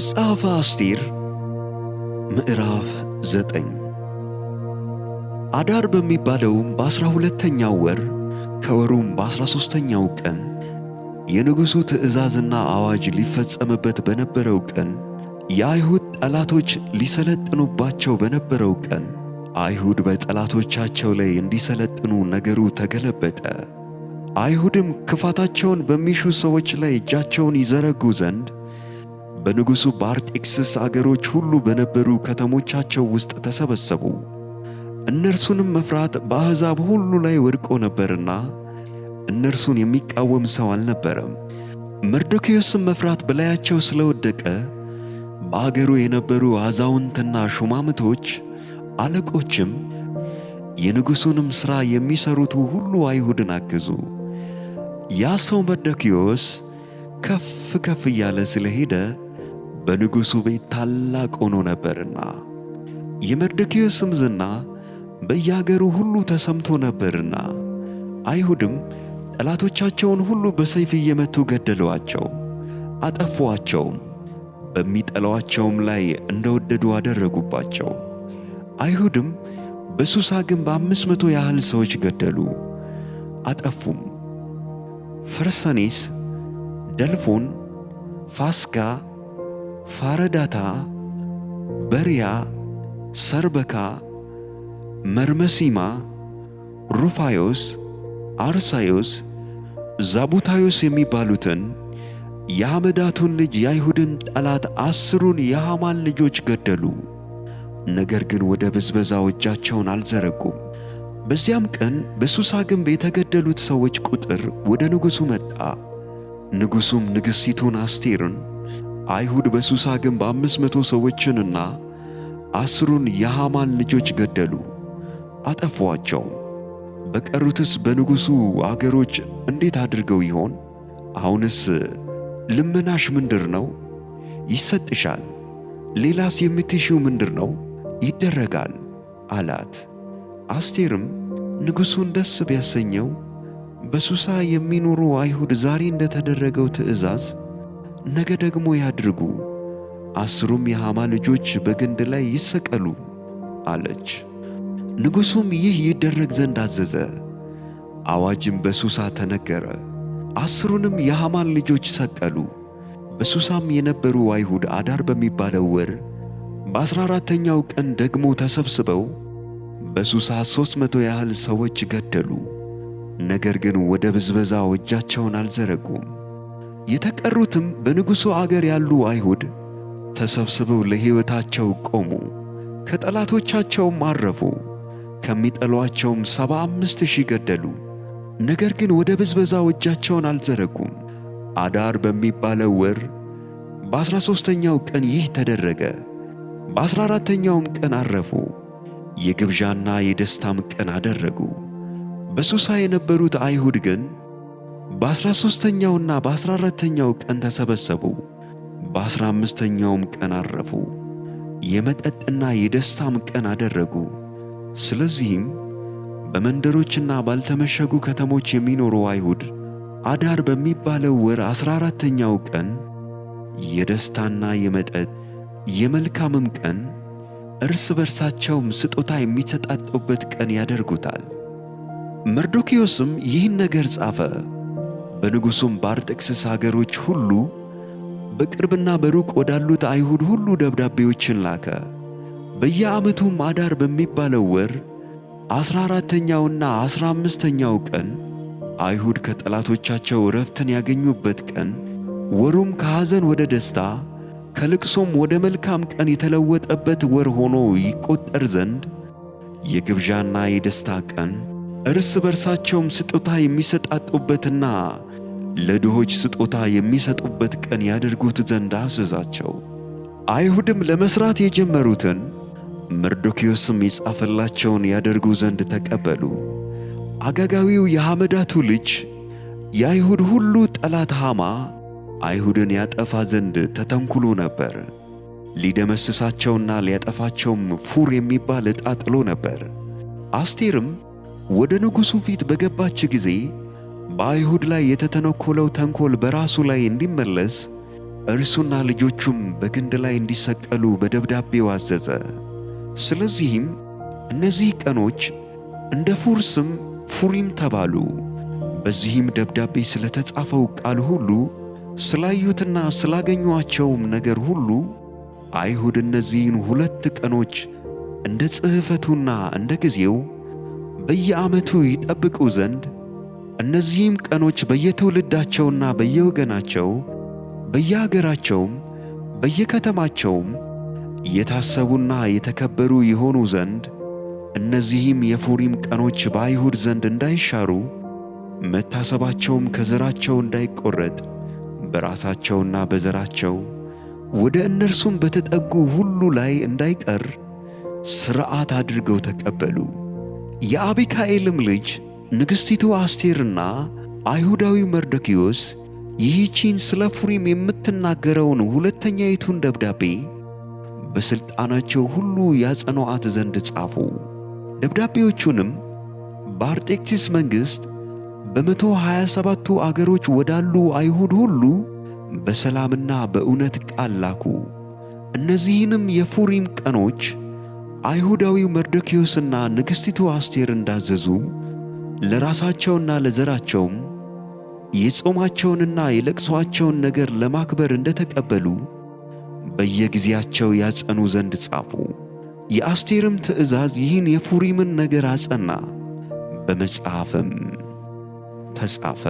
መጽሐፈ አስቴር ምዕራፍ ዘጠኝ አዳር በሚባለውም በአሥራ ሁለተኛው ወር ከወሩም በአሥራ ሦስተኛው ቀን የንጉሡ ትእዛዝና አዋጅ ሊፈጸምበት በነበረው ቀን የአይሁድ ጠላቶች ሊሰለጥኑባቸው በነበረው ቀን አይሁድ በጠላቶቻቸው ላይ እንዲሰለጥኑ ነገሩ ተገለበጠ። አይሁድም ክፋታቸውን በሚሹ ሰዎች ላይ እጃቸውን ይዘረጉ ዘንድ በንጉሡ በአርጤክስስ አገሮች ሁሉ በነበሩ ከተሞቻቸው ውስጥ ተሰበሰቡ። እነርሱንም መፍራት በአሕዛብ ሁሉ ላይ ወድቆ ነበርና እነርሱን የሚቃወም ሰው አልነበረም። መርዶክዮስም መፍራት በላያቸው ስለወደቀ በአገሩ የነበሩ አዛውንትና ሹማምቶች፣ አለቆችም የንጉሡንም ሥራ የሚሠሩቱ ሁሉ አይሁድን አገዙ። ያ ሰው መርዶክዮስ ከፍ ከፍ እያለ ስለሄደ በንጉሡ ቤት ታላቅ ሆኖ ነበርና። የመርደኪዮስም ዝና በያገሩ ሁሉ ተሰምቶ ነበርና አይሁድም ጠላቶቻቸውን ሁሉ በሰይፍ እየመቱ ገደለዋቸው፣ አጠፉአቸውም፣ በሚጠሏቸውም ላይ እንደወደዱ አደረጉባቸው። አይሁድም በሱሳ ግንብ አምስት መቶ ያህል ሰዎች ገደሉ፣ አጠፉም። ፈርሰኔስ፣ ደልፎን፣ ፋስጋ ፋረዳታ፣ በሪያ፣ ሰርበካ፣ መርመሲማ፣ ሩፋዮስ፣ አርሳዮስ፣ ዛቡታዮስ የሚባሉትን የሐመዳቱን ልጅ የአይሁድን ጠላት አስሩን የሐማን ልጆች ገደሉ። ነገር ግን ወደ ብዝበዛው እጃቸውን አልዘረጉም። በዚያም ቀን በሱሳ ግንብ የተገደሉት ሰዎች ቁጥር ወደ ንጉሡ መጣ። ንጉሡም ንግሥቲቱን አስቴርን አይሁድ በሱሳ ግንብ አምስት መቶ ሰዎችንና አስሩን የሐማን ልጆች ገደሉ፣ አጠፏቸውም። በቀሩትስ በንጉሡ አገሮች እንዴት አድርገው ይሆን? አሁንስ ልመናሽ ምንድር ነው? ይሰጥሻል። ሌላስ የምትሺው ምንድር ነው? ይደረጋል አላት። አስቴርም ንጉሡን ደስ ቢያሰኘው በሱሳ የሚኖሩ አይሁድ ዛሬ እንደተደረገው ትእዛዝ ነገ ደግሞ ያድርጉ፣ አስሩም የሐማ ልጆች በግንድ ላይ ይሰቀሉ አለች። ንጉሡም ይህ ይደረግ ዘንድ አዘዘ። አዋጅም በሱሳ ተነገረ። አስሩንም የሐማን ልጆች ሰቀሉ። በሱሳም የነበሩ አይሁድ አዳር በሚባለው ወር በአሥራ አራተኛው ቀን ደግሞ ተሰብስበው በሱሳ ሦስት መቶ ያህል ሰዎች ገደሉ። ነገር ግን ወደ ብዝበዛው እጃቸውን አልዘረጉም። የተቀሩትም በንጉሡ አገር ያሉ አይሁድ ተሰብስበው ለሕይወታቸው ቆሙ፣ ከጠላቶቻቸውም አረፉ፣ ከሚጠሏቸውም ሰባ አምስት ሺህ ገደሉ። ነገር ግን ወደ ብዝበዛው እጃቸውን አልዘረጉም። አዳር በሚባለው ወር በዐሥራ ሦስተኛው ቀን ይህ ተደረገ። በዐሥራ አራተኛውም ቀን አረፉ፣ የግብዣና የደስታም ቀን አደረጉ። በሱሳ የነበሩት አይሁድ ግን በአሥራ ሦስተኛውና 14 አራተኛው ቀን ተሰበሰቡ፣ በአሥራ አምስተኛውም ቀን አረፉ። የመጠጥና የደስታም ቀን አደረጉ። ስለዚህም በመንደሮችና ባልተመሸጉ ከተሞች የሚኖሩ አይሁድ አዳር በሚባለው ወር አሥራ አራተኛው ቀን የደስታና የመጠጥ የመልካምም ቀን እርስ በርሳቸውም ስጦታ የሚሰጣጡበት ቀን ያደርጉታል። መርዶኪዮስም ይህን ነገር ጻፈ። በንጉሡም በአርጤክስስ አገሮች ሁሉ በቅርብና በሩቅ ወዳሉት አይሁድ ሁሉ ደብዳቤዎችን ላከ። በየዓመቱም አዳር በሚባለው ወር ዐሥራ አራተኛውና ዐሥራ አምስተኛው ቀን አይሁድ ከጠላቶቻቸው ረፍትን ያገኙበት ቀን፣ ወሩም ከሐዘን ወደ ደስታ ከልቅሶም ወደ መልካም ቀን የተለወጠበት ወር ሆኖ ይቈጠር ዘንድ የግብዣና የደስታ ቀን እርስ በርሳቸውም ስጦታ የሚሰጣጡበትና ለድሆች ስጦታ የሚሰጡበት ቀን ያደርጉት ዘንድ አዘዛቸው። አይሁድም ለመሥራት የጀመሩትን መርዶክዮስም የጻፈላቸውን ያደርጉ ዘንድ ተቀበሉ። አጋጋዊው የሐመዳቱ ልጅ የአይሁድ ሁሉ ጠላት ሐማ አይሁድን ያጠፋ ዘንድ ተተንኩሎ ነበር። ሊደመስሳቸውና ሊያጠፋቸውም ፉር የሚባል ዕጣ ጥሎ ነበር። አስቴርም ወደ ንጉሡ ፊት በገባች ጊዜ በአይሁድ ላይ የተተነኮለው ተንኮል በራሱ ላይ እንዲመለስ እርሱና ልጆቹም በግንድ ላይ እንዲሰቀሉ በደብዳቤው አዘዘ። ስለዚህም እነዚህ ቀኖች እንደ ፉር ስም ፉሪም ተባሉ። በዚህም ደብዳቤ ስለተጻፈው ቃል ሁሉ ስላዩትና ስላገኟቸውም ነገር ሁሉ አይሁድ እነዚህን ሁለት ቀኖች እንደ ጽሕፈቱና እንደ ጊዜው በየዓመቱ ይጠብቁ ዘንድ እነዚህም ቀኖች በየትውልዳቸውና በየወገናቸው በየአገራቸውም በየከተማቸውም የታሰቡና የተከበሩ የሆኑ ዘንድ እነዚህም የፉሪም ቀኖች በአይሁድ ዘንድ እንዳይሻሩ መታሰባቸውም ከዘራቸው እንዳይቆረጥ በራሳቸውና በዘራቸው ወደ እነርሱም በተጠጉ ሁሉ ላይ እንዳይቀር ሥርዓት አድርገው ተቀበሉ። የአቢካኤልም ልጅ ንግሥቲቱ አስቴርና አይሁዳዊ መርዶክዮስ ይህቺን ስለ ፉሪም የምትናገረውን ሁለተኛይቱን ደብዳቤ በሥልጣናቸው ሁሉ ያጸኑአት ዘንድ ጻፉ። ደብዳቤዎቹንም በአርጤክስስ መንግሥት በመቶ 27 ሰባቱ አገሮች ወዳሉ አይሁድ ሁሉ በሰላምና በእውነት ቃል ላኩ። እነዚህንም የፉሪም ቀኖች አይሁዳዊው መርዶክዮስና ንግሥቲቱ አስቴር እንዳዘዙ ለራሳቸውና ለዘራቸውም የጾማቸውንና የለቅሶአቸውን ነገር ለማክበር እንደ ተቀበሉ በየጊዜያቸው ያጸኑ ዘንድ ጻፉ። የአስቴርም ትእዛዝ ይህን የፉሪምን ነገር አጸና፣ በመጽሐፍም ተጻፈ።